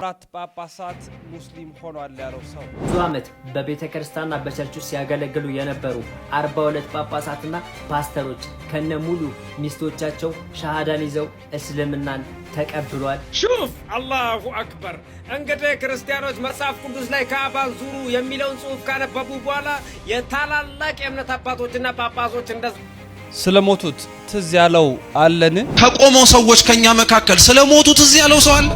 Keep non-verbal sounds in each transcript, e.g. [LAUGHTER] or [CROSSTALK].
አራት ጳጳሳት ሙስሊም ሆኗል ያለው ሰው ብዙ ዓመት በቤተ ክርስቲያንና በቸርች ውስጥ ሲያገለግሉ የነበሩ ሁለት ጳጳሳትና ፓስተሮች ከነ ሙሉ ሚስቶቻቸው ሻሃዳን ይዘው እስልምናን ተቀብሏል። ሹፍ አላሁ አክበር። እንግዲህ ክርስቲያኖች መጽሐፍ ቅዱስ ላይ ከአባን ዙሩ የሚለውን ጽሑፍ ካነበቡ በኋላ የታላላቅ የእምነት አባቶችና ጳጳሶች እንደ ስለሞቱት ትዝ ያለው አለን? ከቆመው ሰዎች ከኛ መካከል ስለሞቱት ትዝ ያለው ሰው አለ?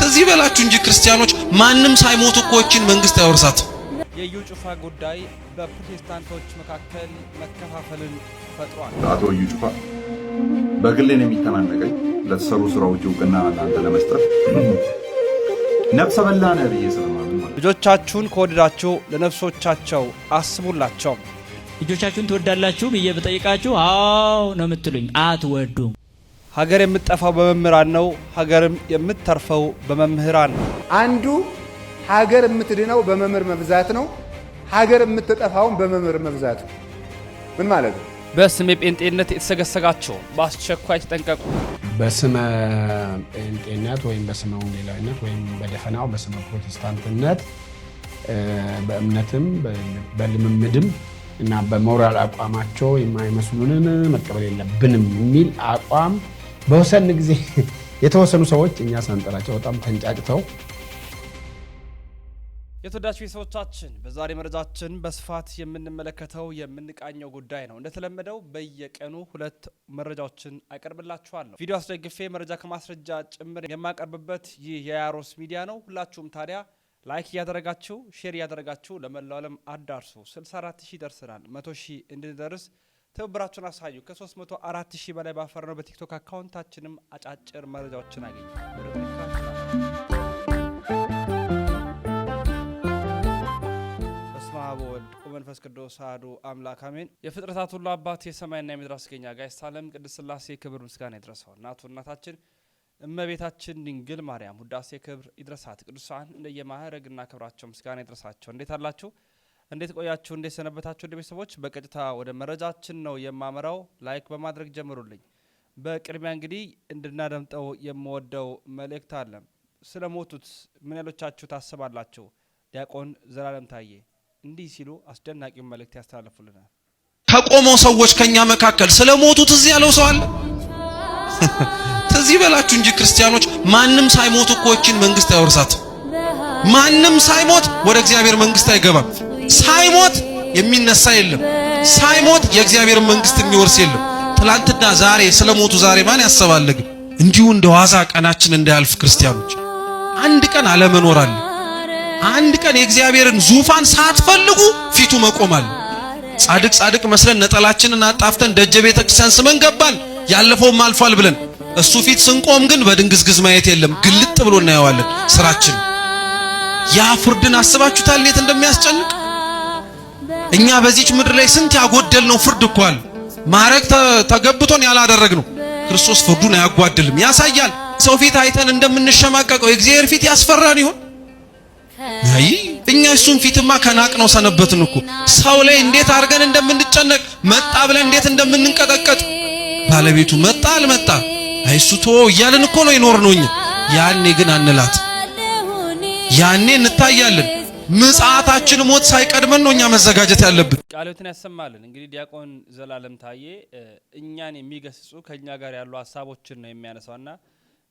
ተዚህ በላችሁ እንጂ ክርስቲያኖች፣ ማንም ሳይሞት እኮ ይህችን መንግስት ያወርሳት። የኢዩ ጩፋ ጉዳይ በፕሮቴስታንቶች መካከል መከፋፈልን ፈጥሯል። አቶ ኢዩ ጩፋ በግሌን የሚተናነቀኝ ለተሰሩ ስራዎች እውቅና እናንተ ለመስጠት ነፍሰ በላ ነ ብዬ ስለማምን፣ ልጆቻችሁን ከወደዳችሁ ለነፍሶቻቸው አስቡላቸው። ልጆቻችሁን ትወዳላችሁ ብዬ ብጠይቃችሁ አዎ ነው የምትሉኝ። አትወዱም። ሀገር የምትጠፋው በመምህራን ነው። ሀገርም የምትተርፈው በመምህራን ነው። አንዱ ሀገር የምትድነው በመምህር መብዛት ነው። ሀገር የምትጠፋውን በመምህር መብዛት ነው። ምን ማለት ነው? በስመ ጴንጤነት የተሰገሰጋቸው በአስቸኳይ ተጠንቀቁ። በስመ ጴንጤነት ወይም በስመ ወንጌላዊነት ወይም በደፈናው በስመ ፕሮቴስታንትነት በእምነትም በልምምድም እና በሞራል አቋማቸው የማይመስሉንን መቀበል የለብንም የሚል አቋም በወሰን ጊዜ [LAUGHS] የተወሰኑ ሰዎች እኛ ሳንጠራቸው በጣም ተንጫጭተው የተወዳጅ ቤተሰቦቻችን በዛሬ መረጃችን በስፋት የምንመለከተው የምንቃኘው ጉዳይ ነው። እንደተለመደው በየቀኑ ሁለት መረጃዎችን አቀርብላችኋለሁ። ቪዲዮ አስደግፌ መረጃ ከማስረጃ ጭምር የማቀርብበት ይህ የያሮስ ሚዲያ ነው። ሁላችሁም ታዲያ ላይክ እያደረጋችሁ ሼር እያደረጋችሁ ለመላው ዓለም አዳርሱ። 64 ሺህ ደርሰናል። መቶ ሺህ እንድንደርስ ትብብራችሁን አሳዩ። ከ304 ሺህ በላይ ባፈር ነው። በቲክቶክ አካውንታችንም አጫጭር መረጃዎችን አገኙ። በስመ አብ ወወልድ ወመንፈስ ቅዱስ አሐዱ አምላክ አሜን። የፍጥረታት ሁሉ አባት የሰማይና የምድር አስገኛ ጋይስተ ዓለም ቅድስት ሥላሴ ክብር ምስጋና ይድረሰው። እናቱ እናታችን እመቤታችን ድንግል ማርያም ውዳሴ ክብር ይድረሳት። ቅዱሳን እንደየማዕረግና ክብራቸው ምስጋና ይድረሳቸው። እንዴት አላችሁ? እንዴት ቆያችሁ? እንዴት ሰነበታችሁ? እንደ ቤተሰቦች በቀጥታ ወደ መረጃችን ነው የማመራው። ላይክ በማድረግ ጀምሩልኝ። በቅድሚያ እንግዲህ እንድናደምጠው የምወደው መልእክት አለ። ስለ ሞቱት ምን ያሎቻችሁ ታስባላችሁ? ዲያቆን ዘላለም ታዬ እንዲህ ሲሉ አስደናቂውን መልእክት ያስተላልፉልናል። ከቆመው ሰዎች ከኛ መካከል ስለ ሞቱት እዚህ ያለው ሰው አለ። ተዚህ [LAUGHS] በላችሁ እንጂ ክርስቲያኖች፣ ማንም ሳይሞት እኮ ይችን መንግስት አይወርሳት። ማንም ሳይሞት ወደ እግዚአብሔር መንግስት አይገባም። ሳይሞት የሚነሳ የለም። ሳይሞት የእግዚአብሔር መንግስት የሚወርስ የለም። ትላንትና ዛሬ ስለሞቱ ዛሬ ማን ያሰባለግ እንዲሁ እንደ ዋዛ ቀናችን እንዳያልፍ ክርስቲያኖች፣ አንድ ቀን አለመኖር አለ። አንድ ቀን የእግዚአብሔርን ዙፋን ሳትፈልጉ ፊቱ መቆም አለ። ጻድቅ ጻድቅ መስለን ነጠላችንን አጣፍተን ደጀ ቤተ ክርስቲያን ስመን ገባን፣ ያለፈውም አልፏል ብለን እሱ ፊት ስንቆም ግን በድንግዝግዝ ማየት የለም፣ ግልጥ ብሎ እናየዋለን ስራችን። ያ ፍርድን አስባችሁታል እንዴት እንደሚያስጨንቅ እኛ በዚች ምድር ላይ ስንት ያጎደልነው ፍርድ እኮ አለ። ማዕረግ ተገብቶን ያላደረግነው ክርስቶስ ፍርዱን አያጓድልም፣ ያሳያል። ሰው ፊት አይተን እንደምንሸማቀቀው የእግዚአብሔር ፊት ያስፈራን ይሆን? አይ እኛ እሱን ፊትማ ከናቅ ነው ሰነበትን እኮ ሰው ላይ እንዴት አድርገን እንደምንጨነቅ መጣ ብለን እንዴት እንደምንንቀጠቀጥ ባለቤቱ መጣ አልመጣ አይሱ ቶ እያልን እኮ ነው የኖርነው እኛ። ያኔ ግን አንላት፣ ያኔ እንታያለን። ምጽአታችን ሞት ሳይቀድመን ነው እኛ መዘጋጀት ያለብን። ቃሎትን ያሰማልን። እንግዲህ ዲያቆን ዘላለም ታዬ እኛን የሚገስጹ ከእኛ ጋር ያሉ ሀሳቦችን ነው የሚያነሳውና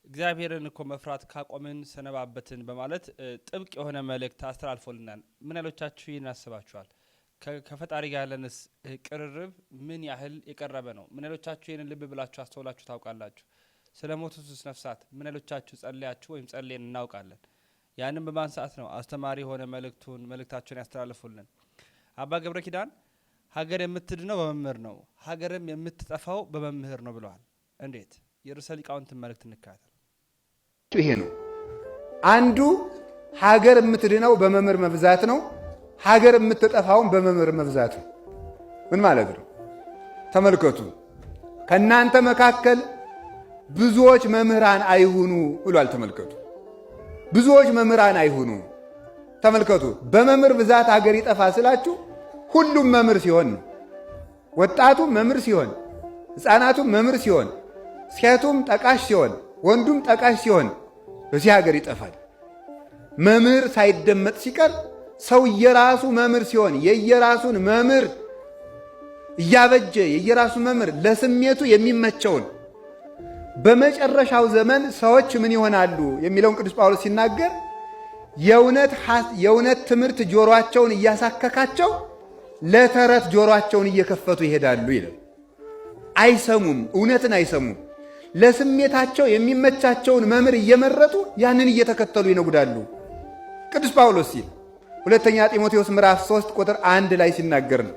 እግዚአብሔርን እኮ መፍራት ካቆምን ሰነባበትን በማለት ጥብቅ የሆነ መልእክት አስተላልፎልናል። ምን ያህሎቻችሁ ይህን አስባችኋል? ከፈጣሪ ጋር ያለንስ ቅርርብ ምን ያህል የቀረበ ነው? ምን ያህሎቻችሁ ይህንን ልብ ብላችሁ አስተውላችሁ ታውቃላችሁ? ስለ ሞቱትስ ነፍሳት ምን ያህሎቻችሁ ጸለያችሁ ወይም ጸልየን እናውቃለን? ያንን በማንሳት ነው አስተማሪ የሆነ መልእክቱን መልእክታቸውን ያስተላልፉልን። አባ ገብረ ኪዳን ሀገር የምትድነው በመምህር ነው፣ ሀገርም የምትጠፋው በመምህር ነው ብለዋል። እንዴት? የርዕሰ ሊቃውንትን መልእክት እንካያለን። ይሄ ነው አንዱ ሀገር የምትድነው በመምህር መብዛት ነው፣ ሀገር የምትጠፋውን በመምህር መብዛት ነው። ምን ማለት ነው? ተመልከቱ። ከእናንተ መካከል ብዙዎች መምህራን አይሁኑ ብሏል። ተመልከቱ ብዙዎች መምህራን አይሁኑ። ተመልከቱ። በመምህር ብዛት አገር ይጠፋ ስላችሁ ሁሉም መምህር ሲሆን ነው። ወጣቱም መምህር ሲሆን፣ ሕፃናቱም መምህር ሲሆን፣ ሴቱም ጠቃሽ ሲሆን፣ ወንዱም ጠቃሽ ሲሆን በዚህ ሀገር ይጠፋል። መምህር ሳይደመጥ ሲቀር ሰው የራሱ መምህር ሲሆን የየራሱን መምህር እያበጀ የየራሱ መምህር ለስሜቱ የሚመቸውን በመጨረሻው ዘመን ሰዎች ምን ይሆናሉ የሚለውን ቅዱስ ጳውሎስ ሲናገር የእውነት ትምህርት ጆሮቸውን እያሳከካቸው ለተረት ጆሮቸውን እየከፈቱ ይሄዳሉ ይላል። አይሰሙም፣ እውነትን አይሰሙም። ለስሜታቸው የሚመቻቸውን መምህር እየመረጡ ያንን እየተከተሉ ይነጉዳሉ። ቅዱስ ጳውሎስ ሲል ሁለተኛ ጢሞቴዎስ ምዕራፍ 3 ቁጥር አንድ ላይ ሲናገር ነው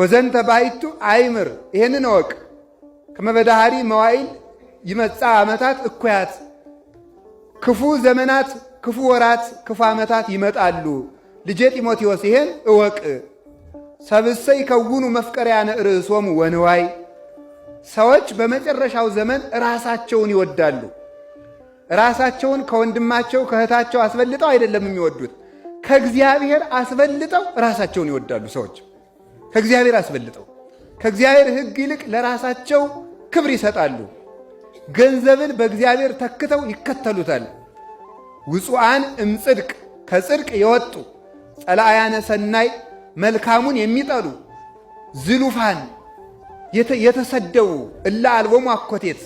ወዘንተ ባይቱ አይምር፣ ይህንን እወቅ ከመበዳሃሪ መዋይል ይመጻ ዓመታት እኩያት ክፉ ዘመናት፣ ክፉ ወራት፣ ክፉ ዓመታት ይመጣሉ። ልጄ ጢሞቴዎስ ይሄን እወቅ። ሰብሰ ይከውኑ መፍቀሪያነ ርእሶሙ ወንዋይ ሰዎች በመጨረሻው ዘመን ራሳቸውን ይወዳሉ። ራሳቸውን ከወንድማቸው ከእህታቸው አስበልጠው አይደለም የሚወዱት፣ ከእግዚአብሔር አስበልጠው ራሳቸውን ይወዳሉ። ሰዎች ከእግዚአብሔር አስበልጠው ከእግዚአብሔር ሕግ ይልቅ ለራሳቸው ክብር ይሰጣሉ። ገንዘብን በእግዚአብሔር ተክተው ይከተሉታል። ውፁአን እምጽድቅ ከጽድቅ የወጡ ጸላእያነ ሰናይ መልካሙን የሚጠሉ ዝሉፋን የተሰደቡ እለ አልቦሙ አኮቴት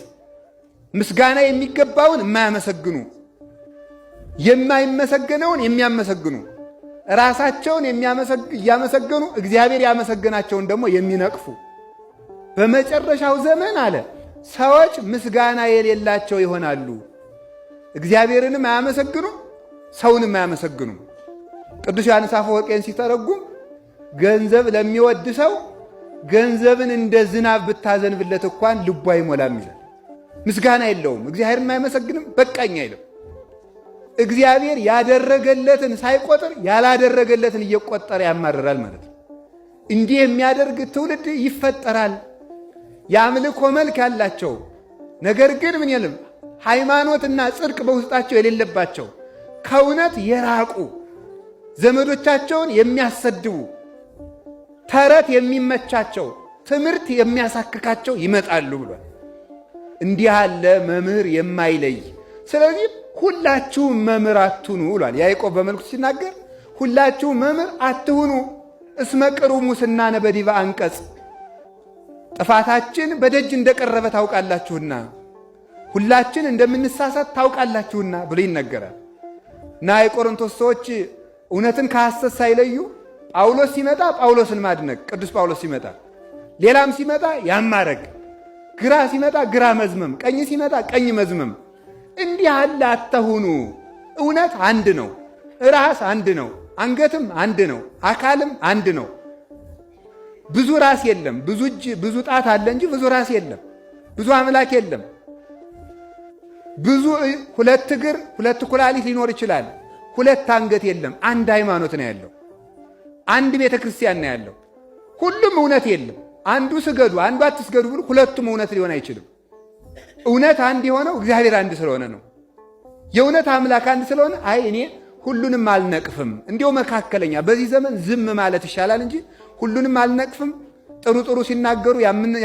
ምስጋና የሚገባውን የማያመሰግኑ የማይመሰገነውን የሚያመሰግኑ ራሳቸውን እያመሰገኑ እግዚአብሔር ያመሰገናቸውን ደግሞ የሚነቅፉ በመጨረሻው ዘመን አለ ሰዎች ምስጋና የሌላቸው ይሆናሉ። እግዚአብሔርንም አያመሰግኑም፣ ሰውንም አያመሰግኑም። ቅዱስ ዮሐንስ አፈወርቄን ሲተረጉም ገንዘብ ለሚወድ ሰው ገንዘብን እንደ ዝናብ ብታዘንብለት እንኳን ልቡ አይሞላም ይላል። ምስጋና የለውም፣ እግዚአብሔርን አይመሰግንም፣ በቃኝ አይልም። እግዚአብሔር ያደረገለትን ሳይቆጥር ያላደረገለትን እየቆጠረ ያማርራል ማለት ነው። እንዲህ የሚያደርግ ትውልድ ይፈጠራል። የአምልኮ መልክ ያላቸው ነገር ግን ምን የለም ሃይማኖትና ጽድቅ በውስጣቸው የሌለባቸው ከእውነት የራቁ ዘመዶቻቸውን የሚያሰድቡ ተረት የሚመቻቸው ትምህርት የሚያሳክካቸው ይመጣሉ ብሏል። እንዲህ አለ መምህር የማይለይ ስለዚህ ሁላችሁም መምህር አትሁኑ ብሏል። ያዕቆብ በመልኩ ሲናገር ሁላችሁም መምህር አትሁኑ እስመቅሩ ነበዲባ አንቀጽ ጥፋታችን በደጅ እንደቀረበ ታውቃላችሁና ሁላችን እንደምንሳሳት ታውቃላችሁና ብሎ ይነገራል እና የቆሮንቶስ ሰዎች እውነትን ከሐሰት ሳይለዩ ጳውሎስ ሲመጣ ጳውሎስን ማድነቅ፣ ቅዱስ ጳውሎስ ሲመጣ፣ ሌላም ሲመጣ ያማረግ፣ ግራ ሲመጣ ግራ መዝመም፣ ቀኝ ሲመጣ ቀኝ መዝመም። እንዲህ አለ አተሁኑ። እውነት አንድ ነው፣ ራስ አንድ ነው፣ አንገትም አንድ ነው፣ አካልም አንድ ነው። ብዙ ራስ የለም። ብዙ እጅ ብዙ ጣት አለ እንጂ ብዙ ራስ የለም። ብዙ አምላክ የለም። ብዙ ሁለት እግር ሁለት ኩላሊት ሊኖር ይችላል። ሁለት አንገት የለም። አንድ ሃይማኖት ነው ያለው። አንድ ቤተ ክርስቲያን ነው ያለው። ሁሉም እውነት የለም። አንዱ ስገዱ፣ አንዱ አትስገዱ ብሎ ሁለቱም እውነት ሊሆን አይችልም። እውነት አንድ የሆነው እግዚአብሔር አንድ ስለሆነ ነው። የእውነት አምላክ አንድ ስለሆነ አይ እኔ ሁሉንም አልነቅፍም፣ እንዲያው መካከለኛ በዚህ ዘመን ዝም ማለት ይሻላል እንጂ ሁሉንም አልነቅፍም። ጥሩ ጥሩ ሲናገሩ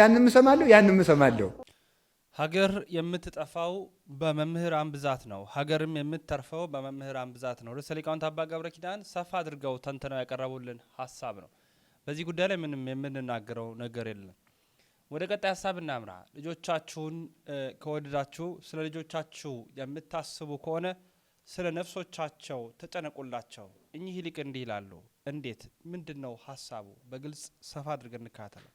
ያንም እሰማለሁ፣ ያንም እሰማለሁ። ሀገር የምትጠፋው በመምህራን ብዛት ነው። ሀገርም የምትተርፈው በመምህራን ብዛት ነው። ርዕሰ ሊቃውንት አባ ገብረ ኪዳን ሰፋ አድርገው ተንትነው ያቀረቡልን ሀሳብ ነው። በዚህ ጉዳይ ላይ ምንም የምንናገረው ነገር የለም። ወደ ቀጣይ ሀሳብ እናምራ። ልጆቻችሁን ከወደዳችሁ ስለ ልጆቻችሁ የምታስቡ ከሆነ ስለ ነፍሶቻቸው ተጨነቁላቸው። እኚህ ሊቅ እንዲህ ይላሉ። እንዴት? ምንድን ነው ሀሳቡ? በግልጽ ሰፋ አድርገን እንካተለው።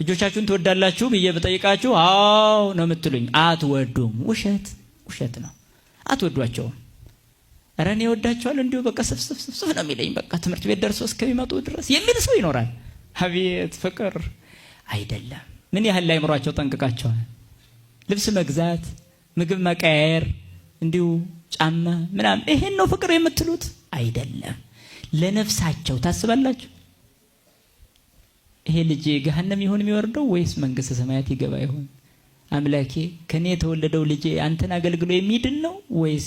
ልጆቻችሁን ትወዳላችሁ ብዬ ብጠይቃችሁ አዎ ነው የምትሉኝ። አትወዱም። ውሸት ውሸት ነው፣ አትወዷቸውም። እረ እኔ እወዳቸዋል እንዲሁ በቃ ስፍስፍስፍ ነው የሚለኝ። በቃ ትምህርት ቤት ደርሶ እስከሚመጡ ድረስ የሚል ሰው ይኖራል። አቤት ፍቅር አይደለም። ምን ያህል ላይ ጠንቅቃቸዋል። ልብስ መግዛት፣ ምግብ መቀያየር እንዲሁ ጫማ ምናምን ይሄን ነው ፍቅር የምትሉት አይደለም። ለነፍሳቸው ታስባላችሁ። ይሄ ልጅ ገሃነም ይሆን የሚወርደው ወይስ መንግስተ ሰማያት ይገባ ይሆን? አምላኬ ከኔ የተወለደው ልጅ አንተን አገልግሎ የሚድን ነው ወይስ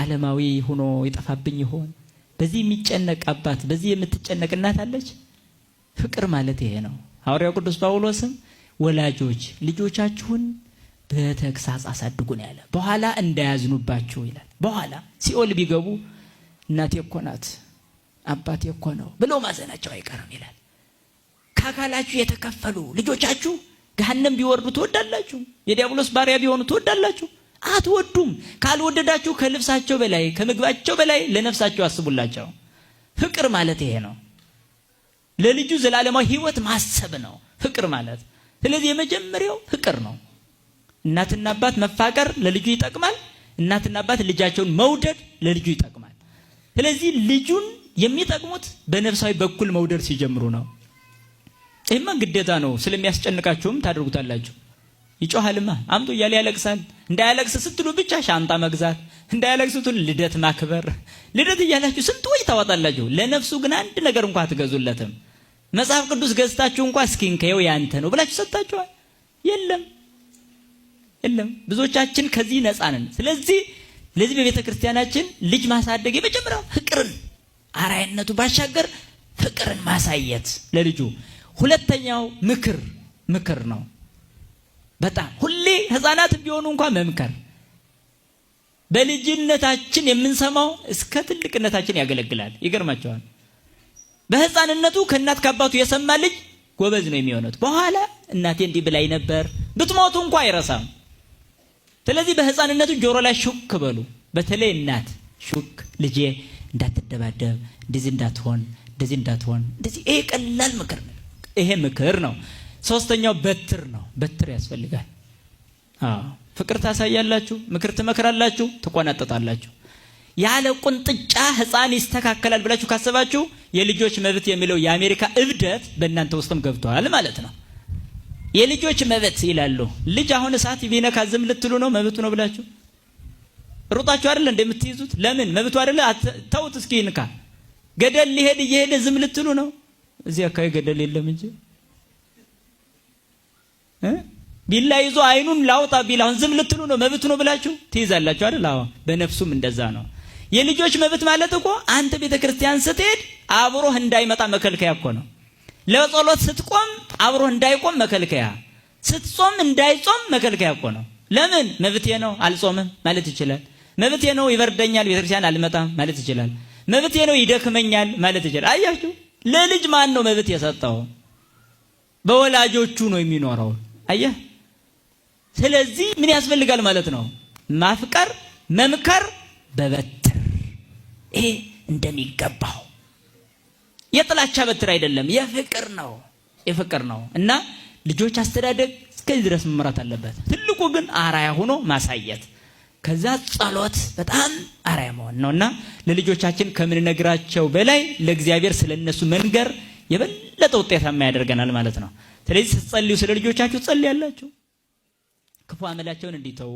አለማዊ ሆኖ ይጠፋብኝ ይሆን? በዚህ የሚጨነቅ አባት፣ በዚህ የምትጨነቅ እናት አለች። ፍቅር ማለት ይሄ ነው። ሐዋርያው ቅዱስ ጳውሎስም ወላጆች ልጆቻችሁን በተግሳጽ አሳድጉ ነው ያለ። በኋላ እንዳያዝኑባቸው ይላል። በኋላ ሲኦል ቢገቡ እናቴ እኮ ናት አባቴ እኮ ነው ብለው ማዘናቸው አይቀርም ይላል። ከአካላችሁ የተከፈሉ ልጆቻችሁ ገሃነም ቢወርዱ ትወዳላችሁ? የዲያብሎስ ባሪያ ቢሆኑ ትወዳላችሁ? አትወዱም። ካልወደዳችሁ ከልብሳቸው በላይ ከምግባቸው በላይ ለነፍሳቸው አስቡላቸው። ፍቅር ማለት ይሄ ነው። ለልጁ ዘላለማዊ ሕይወት ማሰብ ነው ፍቅር ማለት። ስለዚህ የመጀመሪያው ፍቅር ነው። እናትና አባት መፋቀር ለልጁ ይጠቅማል። እናትና አባት ልጃቸውን መውደድ ለልጁ ይጠቅማል። ስለዚህ ልጁን የሚጠቅሙት በነፍሳዊ በኩል መውደድ ሲጀምሩ ነው። ይህማ ግዴታ ነው። ስለሚያስጨንቃችሁም ታደርጉታላችሁ። ይጮሃልማ አምጡ እያለ ያለቅሳል። እንዳያለቅስ ስትሉ ብቻ ሻንጣ መግዛት፣ ስትሉ ልደት ማክበር፣ ልደት እያላችሁ ስንት ወይ ታወጣላችሁ። ለነፍሱ ግን አንድ ነገር እንኳ አትገዙለትም። መጽሐፍ ቅዱስ ገዝታችሁ እንኳ እስኪንከየው ያንተ ነው ብላችሁ ሰጣችኋል። የለም የለም። ብዙዎቻችን ከዚህ ነፃ ነን። ስለዚህ ለዚህ በቤተ ክርስቲያናችን ልጅ ማሳደግ የመጀመሪያው ፍቅርን አራይነቱ ባሻገር ፍቅርን ማሳየት ለልጁ። ሁለተኛው ምክር ምክር ነው። በጣም ሁሌ ህፃናት ቢሆኑ እንኳን መምከር በልጅነታችን የምንሰማው እስከ ትልቅነታችን ያገለግላል። ይገርማቸዋል። በህፃንነቱ ከእናት ከአባቱ የሰማ ልጅ ጎበዝ ነው የሚሆኑት። በኋላ እናቴ እንዲህ ብላይ ነበር ብትሞቱ እንኳ አይረሳም። ስለዚህ በህፃንነቱ ጆሮ ላይ ሹክ በሉ። በተለይ እናት ሹክ ልጄ እንዳትደባደብ፣ እንደዚህ እንዳትሆን፣ እንደዚህ እንዳትሆን፣ እንደዚህ ይሄ ቀላል ምክር ነው። ይሄ ምክር ነው። ሶስተኛው በትር ነው። በትር ያስፈልጋል። ፍቅር ታሳያላችሁ፣ ምክር ትመክራላችሁ፣ ትቆናጠጣላችሁ። ያለ ቁንጥጫ ህፃን ይስተካከላል ብላችሁ ካሰባችሁ የልጆች መብት የሚለው የአሜሪካ እብደት በእናንተ ውስጥም ገብተዋል ማለት ነው። የልጆች መብት ይላሉ። ልጅ አሁን እሳት ቢነካ ዝም ልትሉ ነው? መብቱ ነው ብላችሁ ሩጣችሁ አይደለ እንደምትይዙት? ለምን መብቱ አይደለ? ተውት እስኪ ይንካ። ገደል ሊሄድ እየሄደ ዝም ልትሉ ነው? እዚህ አካባቢ ገደል የለም እንጂ ቢላ ይዞ አይኑን ላውጣ ቢል አሁን ዝም ልትሉ ነው? መብቱ ነው ብላችሁ ትይዛላችሁ አይደል? አዎ፣ በነፍሱም እንደዛ ነው። የልጆች መብት ማለት እኮ አንተ ቤተ ክርስቲያን ስትሄድ አብሮህ እንዳይመጣ መከልከያ እኮ ነው። ለጸሎት ስትቆም አብሮ እንዳይቆም መከልከያ፣ ስትጾም እንዳይጾም መከልከያ እኮ ነው። ለምን መብቴ ነው አልጾምም ማለት ይችላል። መብቴ ነው ይበርደኛል፣ ቤተክርስቲያን አልመጣም ማለት ይችላል። መብቴ ነው ይደክመኛል ማለት ይችላል። አያችሁ፣ ለልጅ ማን ነው መብት የሰጠው? በወላጆቹ ነው የሚኖረው። አየ፣ ስለዚህ ምን ያስፈልጋል ማለት ነው? ማፍቀር፣ መምከር፣ በበትር ይሄ እንደሚገባው የጥላቻ በትር አይደለም፣ የፍቅር ነው። የፍቅር ነው እና ልጆች አስተዳደግ እስከዚህ ድረስ መመራት አለበት። ትልቁ ግን አራያ ሆኖ ማሳየት ከዛ ጸሎት በጣም አራያ መሆን ነውና ለልጆቻችን ከምንነግራቸው በላይ ለእግዚአብሔር ስለነሱ መንገር የበለጠ ውጤታማ ያደርገናል ማለት ነው። ስለዚህ ስትጸልዩ ስለ ልጆቻችሁ ጸልያላችሁ። ክፉ አመላቸውን እንዲተዉ፣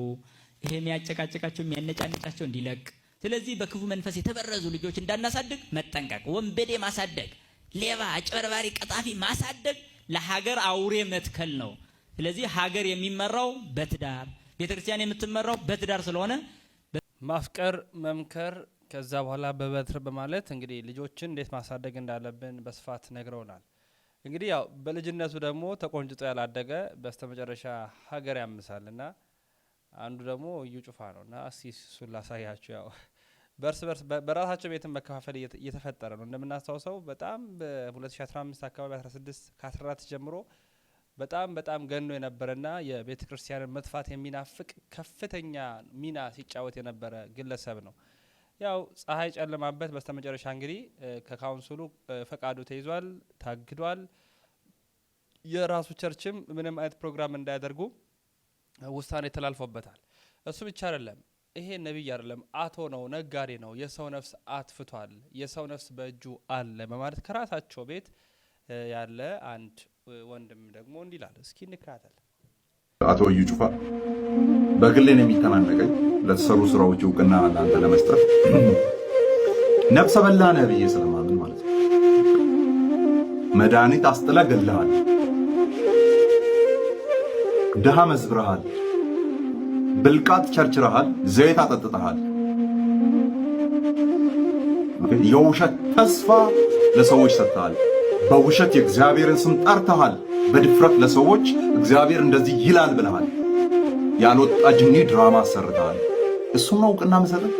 ይሄ የሚያጨቃጨቃቸው የሚያነጫነጫቸው እንዲለቅ ስለዚህ በክፉ መንፈስ የተበረዙ ልጆች እንዳናሳድግ መጠንቀቅ፣ ወንበዴ ማሳደግ፣ ሌባ፣ አጭበርባሪ፣ ቀጣፊ ማሳደግ ለሀገር አውሬ መትከል ነው። ስለዚህ ሀገር የሚመራው በትዳር ቤተክርስቲያን የምትመራው በትዳር ስለሆነ ማፍቀር፣ መምከር ከዛ በኋላ በበትር በማለት እንግዲህ ልጆችን እንዴት ማሳደግ እንዳለብን በስፋት ነግረውናል። እንግዲህ ያው በልጅነቱ ደግሞ ተቆንጭጦ ያላደገ በስተመጨረሻ ሀገር ያምሳል እና አንዱ ደግሞ እዩ ጩፋ ነው እና እስቲ እሱን ላሳያችሁ ያው በእርስ በርስ በራሳቸው ቤትን መከፋፈል እየተፈጠረ ነው። እንደምናስታውሰው በጣም በ2015 አካባቢ 16 ከ14 ጀምሮ በጣም በጣም ገኖ የነበረና የቤተ ክርስቲያንን መጥፋት የሚናፍቅ ከፍተኛ ሚና ሲጫወት የነበረ ግለሰብ ነው። ያው ፀሐይ ጨለማበት። በስተመጨረሻ እንግዲህ ከካውንስሉ ፈቃዱ ተይዟል፣ ታግዷል። የራሱ ቸርችም ምንም አይነት ፕሮግራም እንዳያደርጉ ውሳኔ ተላልፎበታል። እሱ ብቻ አይደለም ይሄ ነቢይ አይደለም፣ አቶ ነው፣ ነጋዴ ነው፣ የሰው ነፍስ አትፍቷል፣ የሰው ነፍስ በእጁ አለ በማለት ከራሳቸው ቤት ያለ አንድ ወንድም ደግሞ እንዲላል። እስኪ እንከታተል። አቶ እዩ ጩፋ በግሌን የሚተናነቀኝ ለተሰሩ ስራዎች እውቅና እናንተ ለመስጠት ነፍሰ በላ ነህ ብዬ ስለማምን ማለት ነው። መድኃኒት አስጥለ ገለሃል፣ ድሃ መዝብረሃል ብልቃት ቸርችረሃል፣ ዘይት አጠጥጠሃል። የውሸት ተስፋ ለሰዎች ሰጥተሃል። በውሸት የእግዚአብሔርን ስም ጠርተሃል። በድፍረት ለሰዎች እግዚአብሔር እንደዚህ ይላል ብለሃል። ያልወጣ ጅኒ ድራማ አሰርተሃል። እሱን ነው እውቅና መሰጠት፣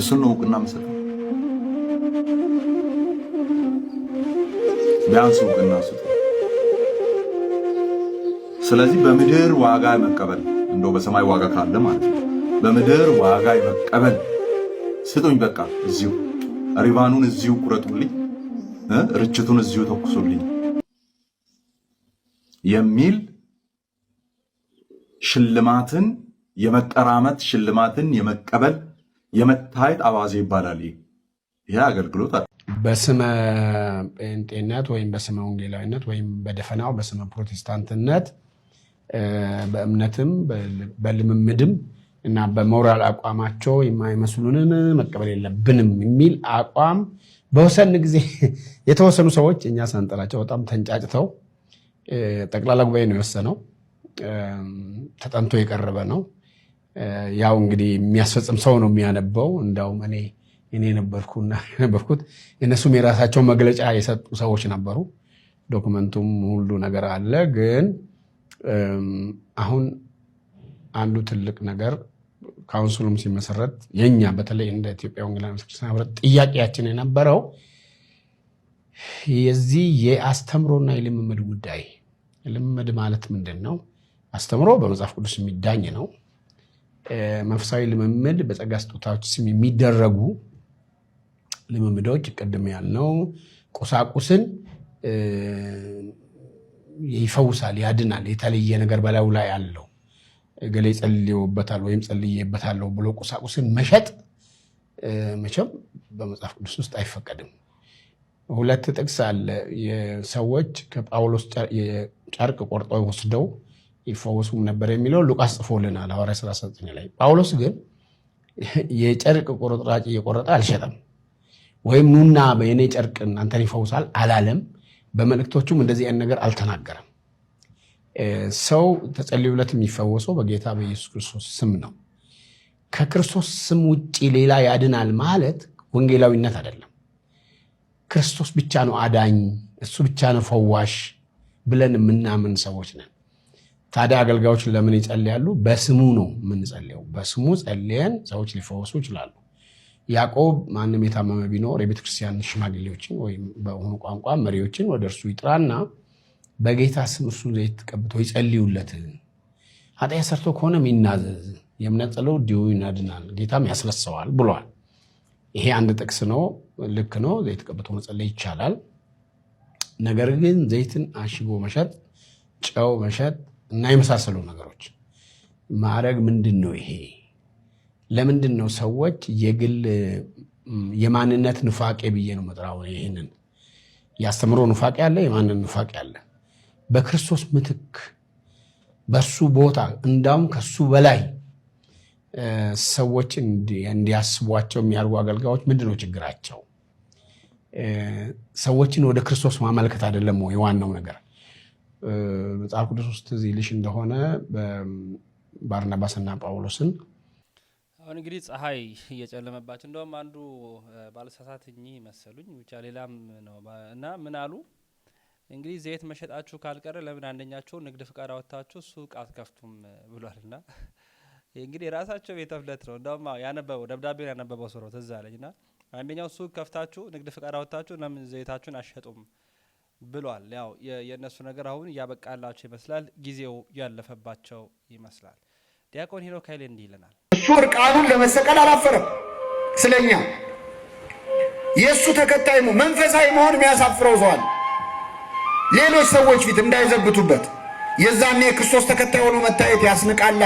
እሱን ነው እውቅና መሰጠት። ቢያንስ እውቅና ስለዚህ በምድር ዋጋ መቀበል እንደው በሰማይ ዋጋ ካለ ማለት ነው። በምድር ዋጋ መቀበል ስጡኝ፣ በቃ እዚሁ ሪቫኑን እዚሁ ቁረጡልኝ፣ ርችቱን እዚሁ ተኩሱልኝ የሚል ሽልማትን የመቀራመት ሽልማትን የመቀበል የመታየት አባዜ ይባላል። ይሄ አገልግሎት አለ። በስመ ጴንጤነት ወይም በስመ ወንጌላዊነት ወይም በደፈናው በስመ ፕሮቴስታንትነት በእምነትም በልምምድም እና በሞራል አቋማቸው የማይመስሉንን መቀበል የለብንም የሚል አቋም በወሰን ጊዜ [LAUGHS] የተወሰኑ ሰዎች እኛ ሳንጠላቸው በጣም ተንጫጭተው ጠቅላላ ጉባኤ ነው የወሰነው። ተጠንቶ የቀረበ ነው። ያው እንግዲህ የሚያስፈጽም ሰው ነው የሚያነበው። እንዲያውም እኔ እኔ ነበርኩና [LAUGHS] የነበርኩት እነሱም የራሳቸው መግለጫ የሰጡ ሰዎች ነበሩ። ዶክመንቱም ሁሉ ነገር አለ ግን አሁን አንዱ ትልቅ ነገር ካውንስሉም ሲመሰረት የኛ በተለይ እንደ ኢትዮጵያ ወንጌላ ቤተክርስቲያን ህብረት ጥያቄያችን የነበረው የዚህ የአስተምሮና የልምምድ ጉዳይ። ልምምድ ማለት ምንድን ነው? አስተምሮ በመጽሐፍ ቅዱስ የሚዳኝ ነው። መንፈሳዊ ልምምድ በጸጋ ስጦታዎች ስም የሚደረጉ ልምምዶች፣ ቅድም ያልነው ቁሳቁስን ይፈውሳል፣ ያድናል። የተለየ ነገር በላዩ ላይ አለው። እገሌ ጸልዮበታል ወይም ጸልዬበታለሁ ብሎ ቁሳቁስን መሸጥ መቼም በመጽሐፍ ቅዱስ ውስጥ አይፈቀድም። ሁለት ጥቅስ አለ። ሰዎች ከጳውሎስ ጨርቅ ቆርጦ ወስደው ይፈወሱም ነበር የሚለው ሉቃስ ጽፎልናል ሐዋርያ 19 ላይ። ጳውሎስ ግን የጨርቅ ቁርጥራጭ እየቆረጠ አልሸጠም። ወይም ኑና በእኔ ጨርቅ እናንተን ይፈውሳል አላለም። በመልእክቶቹም እንደዚህ አይነት ነገር አልተናገረም። ሰው ተጸልዩለት የሚፈወሰው በጌታ በኢየሱስ ክርስቶስ ስም ነው። ከክርስቶስ ስም ውጭ ሌላ ያድናል ማለት ወንጌላዊነት አይደለም። ክርስቶስ ብቻ ነው አዳኝ፣ እሱ ብቻ ነው ፈዋሽ ብለን የምናምን ሰዎች ነን። ታዲያ አገልጋዮች ለምን ይጸልያሉ? በስሙ ነው የምንጸልየው። በስሙ ጸልየን ሰዎች ሊፈወሱ ይችላሉ። ያዕቆብ ማንም የታመመ ቢኖር የቤተክርስቲያን ሽማግሌዎችን ወይም በሆኑ ቋንቋ መሪዎችን ወደ እርሱ ይጥራና በጌታ ስም እርሱ ዘይት ቀብቶ ይጸልዩለት። ኃጢአት ሰርቶ ከሆነ ይናዘዝ፣ የእምነት ጸሎት እንዲሁ ይናድናል፣ ጌታም ያስነሳዋል ብሏል። ይሄ አንድ ጥቅስ ነው። ልክ ነው። ዘይት ቀብቶ መጸለይ ይቻላል። ነገር ግን ዘይትን አሽጎ መሸጥ፣ ጨው መሸጥ እና የመሳሰሉ ነገሮች ማድረግ ምንድን ነው ይሄ ለምንድን ነው ሰዎች የግል የማንነት ኑፋቄ ብዬ ነው መጥራው። ይህንን የአስተምሮ ኑፋቄ አለ፣ የማንነት ኑፋቄ አለ። በክርስቶስ ምትክ በእርሱ ቦታ እንዳውም ከሱ በላይ ሰዎች እንዲያስቧቸው የሚያርጉ አገልጋዮች ምንድን ነው ችግራቸው? ሰዎችን ወደ ክርስቶስ ማመልከት አይደለም ወይ ዋናው ነገር? መጽሐፍ ቅዱስ ውስጥ እዚህ ልሽ እንደሆነ ባርናባስና ጳውሎስን አሁን እንግዲህ ፀሐይ እየጨለመባቸው እንደውም አንዱ ባለሳሳት እኚህ መሰሉኝ ብቻ ሌላም ነው እና ምን አሉ እንግዲህ ዘይት መሸጣችሁ ካልቀረ ለምን አንደኛቸው ንግድ ፍቃድ አወጥታችሁ ሱቅ አትከፍቱም ብሏል። ና እንግዲህ የራሳቸው ቤተ ፍለት ነው። እንደውም ያነበበው ደብዳቤን ያነበበው ሰው ነው ትዝ አለኝ። አንደኛው ሱቅ ከፍታችሁ ንግድ ፍቃድ አወጥታችሁ ለምን ዘይታችሁን አሸጡም ብሏል። ያው የእነሱ ነገር አሁን እያበቃላቸው ይመስላል። ጊዜው ያለፈባቸው ይመስላል። ዲያቆን ሄኖክ ኃይሌ እንዲህ ይለናል። እሱ እርቃኑን ለመሰቀል አላፈረም። ስለኛ የእሱ ተከታይ መንፈሳዊ መሆን የሚያሳፍረው ሰዋል ሌሎች ሰዎች ፊት እንዳይዘብቱበት የዛኔ የክርስቶስ ተከታይ ሆኖ መታየት ያስንቃላ።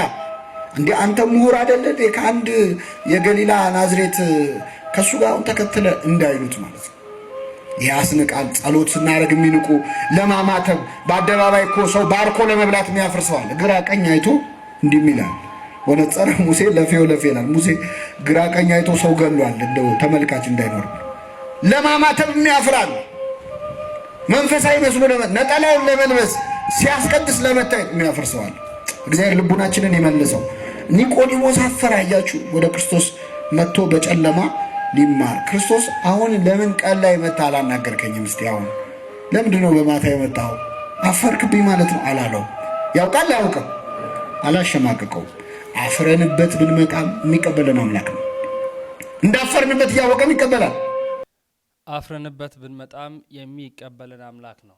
እንደ አንተ ምሁር አይደለ ከአንድ የገሊላ ናዝሬት ከእሱ ጋር ተከትለ እንዳይሉት ማለት ነው። ያስንቃል። ጸሎት ስናደርግ የሚንቁ ለማማተብ በአደባባይ እኮ ሰው ባርኮ ለመብላት የሚያፍር ሰዋል ግራ ቀኝ አይቶ እንዲህም ይላል ወነጸረ ሙሴ ለፌው ለፌ ይላል። ሙሴ ግራ ቀኝ አይቶ ሰው ገሏል። እንደው ተመልካች እንዳይኖር ለማማተብ የሚያፍራል። መንፈሳዊ መስሎ ነጠላውን ለመልበስ ሲያስቀድስ ለመታየት የሚያፍር ሰዋል። እግዚአብሔር ልቡናችንን ይመልሰው። ኒቆዲሞስ አፈር። አያችሁ ወደ ክርስቶስ መጥቶ በጨለማ ሊማር ክርስቶስ አሁን ለምን ቀን ላይ መታ አላናገርከኝም? እስቲ አሁን ለምንድነው በማታ የመጣው? አፈርክብኝ ማለት ነው አላለው። ያውቃል አያውቅም? አላሸማቅቀውም። አፍረንበት ብንመጣም የሚቀበለን አምላክ ነው። እንዳፈርንበት እያወቀም ይቀበላል። አፍረንበት ብንመጣም የሚቀበለን አምላክ ነው።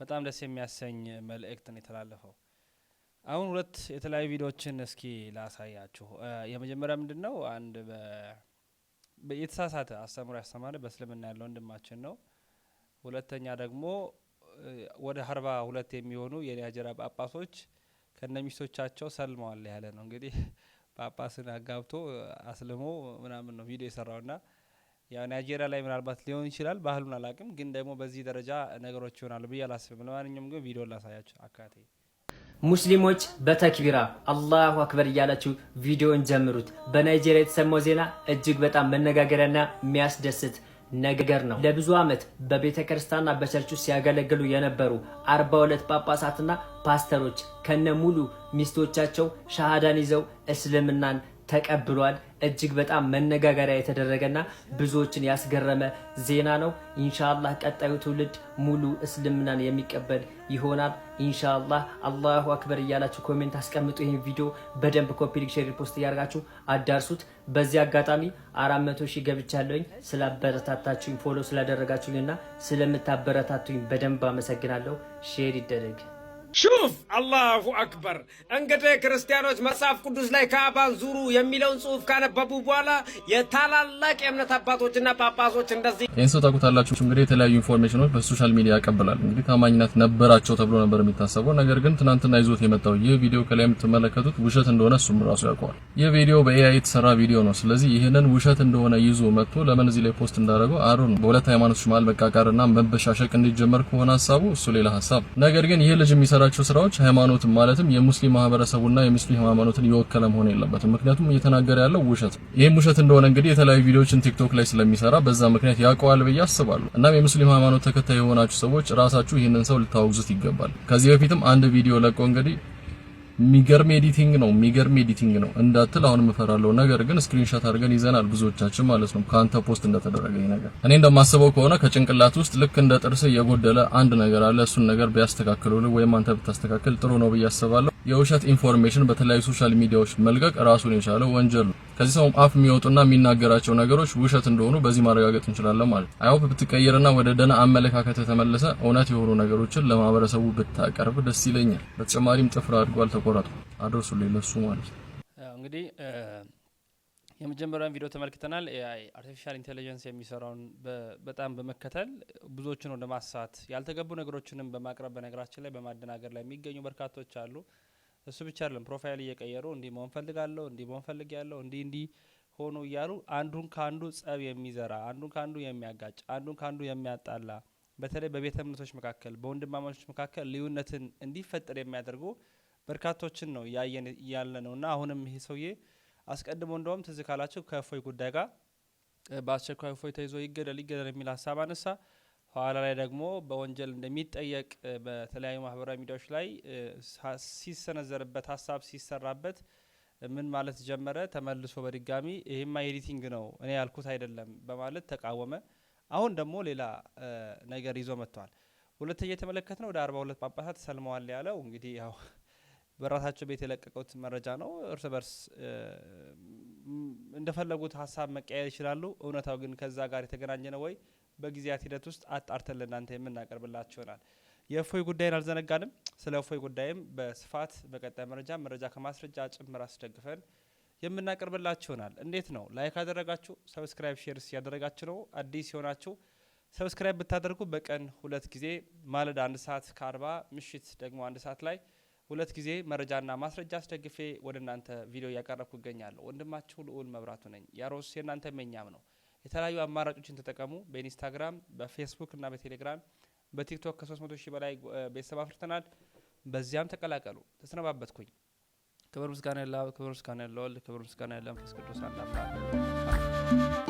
በጣም ደስ የሚያሰኝ መልእክት ነው የተላለፈው። አሁን ሁለት የተለያዩ ቪዲዮዎችን እስኪ ላሳያችሁ። የመጀመሪያ ምንድን ነው አንድ የተሳሳተ አስተምሮ ያስተማረ በእስልምና ያለው ወንድማችን ነው። ሁለተኛ ደግሞ ወደ አርባ ሁለት የሚሆኑ የኒያጀራ ጳጳሶች ከነ ሚስቶቻቸው ሰልመዋል ያለ ነው። እንግዲህ ጳጳስን አጋብቶ አስልሞ ምናምን ነው ቪዲዮ የሰራው ና ያው ናይጄሪያ ላይ ምናልባት ሊሆን ይችላል፣ ባህሉን አላቅም። ግን ደግሞ በዚህ ደረጃ ነገሮች ይሆናሉ ብዬ አላስብም። ለማንኛውም ግን ቪዲዮ ላሳያቸው አካቴ ሙስሊሞች በተክቢራ አላሁ አክበር እያላችሁ ቪዲዮን ጀምሩት። በናይጄሪያ የተሰማው ዜና እጅግ በጣም መነጋገሪያና የሚያስደስት ነገር ነው። ለብዙ ዓመት በቤተ ክርስቲያንና በቸርች ሲያገለግሉ የነበሩ 42 ጳጳሳትና ፓስተሮች ከነ ሙሉ ሚስቶቻቸው ሻሃዳን ይዘው እስልምናን ተቀብሏል። እጅግ በጣም መነጋገሪያ የተደረገና ብዙዎችን ያስገረመ ዜና ነው። ኢንሻአላህ ቀጣዩ ትውልድ ሙሉ እስልምናን የሚቀበል ይሆናል። ኢንሻአላህ አላሁ አክበር እያላችሁ ኮሜንት አስቀምጡ። ይህን ቪዲዮ በደንብ ኮፒ፣ ሊንክ፣ ሼር፣ ሪፖስት እያደርጋችሁ አዳርሱት። በዚህ አጋጣሚ አራት ሺህ ገብቻለሁኝ ስላበረታታችሁኝ፣ ፎሎ ስላደረጋችሁኝና ስለምታበረታቱኝ በደንብ አመሰግናለሁ። ሼር ይደረግ። ሹፍ አላሁ አክበር። እንግዲህ ክርስቲያኖች መጽሐፍ ቅዱስ ላይ ካዕባን ዙሩ የሚለውን ጽሑፍ ካነበቡ በኋላ የታላላቅ የእምነት አባቶችና ጳጳሶች እንደዚህ ይህን ታውቁታላችሁ። እንግዲህ የተለያዩ ኢንፎርሜሽኖች በሶሻል ሚዲያ ያቀብላል። እንግዲህ ታማኝነት ነበራቸው ተብሎ ነበር የሚታሰበው። ነገር ግን ትናንትና ይዞት የመጣው ይህ ቪዲዮ ከላይ የምትመለከቱት ውሸት እንደሆነ እሱም ራሱ ያውቀዋል። ይህ ቪዲዮ በኤአይ የተሰራ ቪዲዮ ነው። ስለዚህ ይህንን ውሸት እንደሆነ ይዞ መጥቶ ለምን እዚህ ላይ ፖስት እንዳደረገው አሮ ነው። በሁለት ሃይማኖቶች መሃል መቃቃርና መበሻሸቅ እንዲጀመር ከሆነ ሀሳቡ እሱ ሌላ ሀሳብ ነገር ግን ይህ ልጅ የሚሰራ የሚናገራቸው ስራዎች ሃይማኖት ማለትም የሙስሊም ማህበረሰቡና የሙስሊም ሃይማኖትን የወከለ መሆን የለበትም። ምክንያቱም እየተናገረ ያለው ውሸት ይህም ውሸት እንደሆነ እንግዲህ የተለያዩ ቪዲዮዎችን ቲክቶክ ላይ ስለሚሰራ በዛ ምክንያት ያውቀዋል ብዬ አስባለሁ። እናም የሙስሊም ሃይማኖት ተከታይ የሆናችሁ ሰዎች ራሳችሁ ይህንን ሰው ልታወግዙት ይገባል። ከዚህ በፊትም አንድ ቪዲዮ ለቆ እንግዲህ የሚገርም ኤዲቲንግ ነው የሚገርም ኤዲቲንግ ነው እንዳትል አሁን እፈራለሁ። ነገር ግን ስክሪንሾት አድርገን ይዘናል ብዙዎቻችን ማለት ነው። ከአንተ ፖስት እንደተደረገ ነገር እኔ እንደማስበው ከሆነ ከጭንቅላት ውስጥ ልክ እንደ ጥርስ የጎደለ አንድ ነገር አለ። እሱን ነገር ቢያስተካክሉልህ ወይም አንተ ብታስተካክል ጥሩ ነው ብዬ አስባለሁ። የውሸት ኢንፎርሜሽን በተለያዩ ሶሻል ሚዲያዎች መልቀቅ ራሱን የቻለ ወንጀል ነው። ከዚህ ሰው አፍ የሚወጡና የሚናገራቸው ነገሮች ውሸት እንደሆኑ በዚህ ማረጋገጥ እንችላለን ማለት ነው። አይሆፕ ብትቀየርና ወደ ደህና አመለካከት የተመለሰ እውነት የሆኑ ነገሮችን ለማህበረሰቡ ብታቀርብ ደስ ይለኛል። በተጨማሪም ጥፍር አድጓል ተቆረጡ አድርሱ ለሱ ማለት ነው። እንግዲህ የመጀመሪያውን ቪዲዮ ተመልክተናል። ኤአይ አርቲፊሻል ኢንቴሊጀንስ የሚሰራውን በጣም በመከተል ብዙዎችን ወደ ማሳት ያልተገቡ ነገሮችንም በማቅረብ በነገራችን ላይ በማደናገር ላይ የሚገኙ በርካቶች አሉ። እሱ ብቻ አይደለም ፕሮፋይል እየቀየሩ እንዲህ መሆን ፈልጋለሁ እንዲህ መሆን ፈልግ እንዲህ እንዲህ ሆኖ እያሉ አንዱን ከአንዱ ጸብ የሚዘራ አንዱን ከአንዱ የሚያጋጭ አንዱን ከአንዱ የሚያጣላ በተለይ በቤተ እምነቶች መካከል በወንድማማቾች መካከል ልዩነትን እንዲፈጠር የሚያደርጉ በርካቶችን ነው እያየን እያለ ነው እና አሁንም ይሄ ሰውዬ አስቀድሞ እንደውም ትዝ ካላቸው ከእፎይ ጉዳይ ጋር በአስቸኳይ እፎይ ተይዞ ይገደል ይገደል የሚል ሀሳብ አነሳ። ኋላ ላይ ደግሞ በወንጀል እንደሚጠየቅ በተለያዩ ማህበራዊ ሚዲያዎች ላይ ሲሰነዘርበት ሀሳብ ሲሰራበት ምን ማለት ጀመረ? ተመልሶ በድጋሚ ይህማ ኤዲቲንግ ነው እኔ ያልኩት አይደለም በማለት ተቃወመ። አሁን ደግሞ ሌላ ነገር ይዞ መጥቷል። ሁለተኛ የተመለከት ነው ወደ አርባ ሁለት ጳጳሳት ሰልመዋል ያለው እንግዲህ ያው [LAUGHS] በራሳቸው ቤት የለቀቁት መረጃ ነው። እርስ በርስ እንደፈለጉት ሀሳብ መቀያየር ይችላሉ። እውነታው ግን ከዛ ጋር የተገናኘ ነው ወይ በጊዜያት ሂደት ውስጥ አጣርተን ለእናንተ የምናቀርብላችሁ ይሆናል። የእፎይ ጉዳይን አልዘነጋንም። ስለ እፎይ ጉዳይም በስፋት በቀጣይ መረጃ መረጃ ከማስረጃ ጭምር አስደግፈን የምናቀርብላችሁ ይሆናል። እንዴት ነው? ላይክ አደረጋችሁ፣ ሰብስክራይብ፣ ሼርስ ያደረጋችሁ ነው። አዲስ የሆናችሁ ሰብስክራይብ ብታደርጉ በቀን ሁለት ጊዜ ማለዳ አንድ ሰዓት ከአርባ ምሽት ደግሞ አንድ ሰዓት ላይ ሁለት ጊዜ መረጃና ማስረጃ አስደግፌ ወደ እናንተ ቪዲዮ እያቀረብኩ ይገኛለሁ። ወንድማችሁ ልዑል መብራቱ ነኝ። ያሮስ የእናንተ መኛም ነው። የተለያዩ አማራጮችን ተጠቀሙ። በኢንስታግራም፣ በፌስቡክ እና በቴሌግራም በቲክቶክ ከ300 ሺህ በላይ ቤተሰብ አፍርተናል። በዚያም ተቀላቀሉ። ተሰነባበትኩኝ። ክብር ምስጋና ያለ አብ፣ ክብር ምስጋና ያለ ወልድ፣ ክብር ምስጋና ያለ መንፈስ ቅዱስ አንድ አምላክ።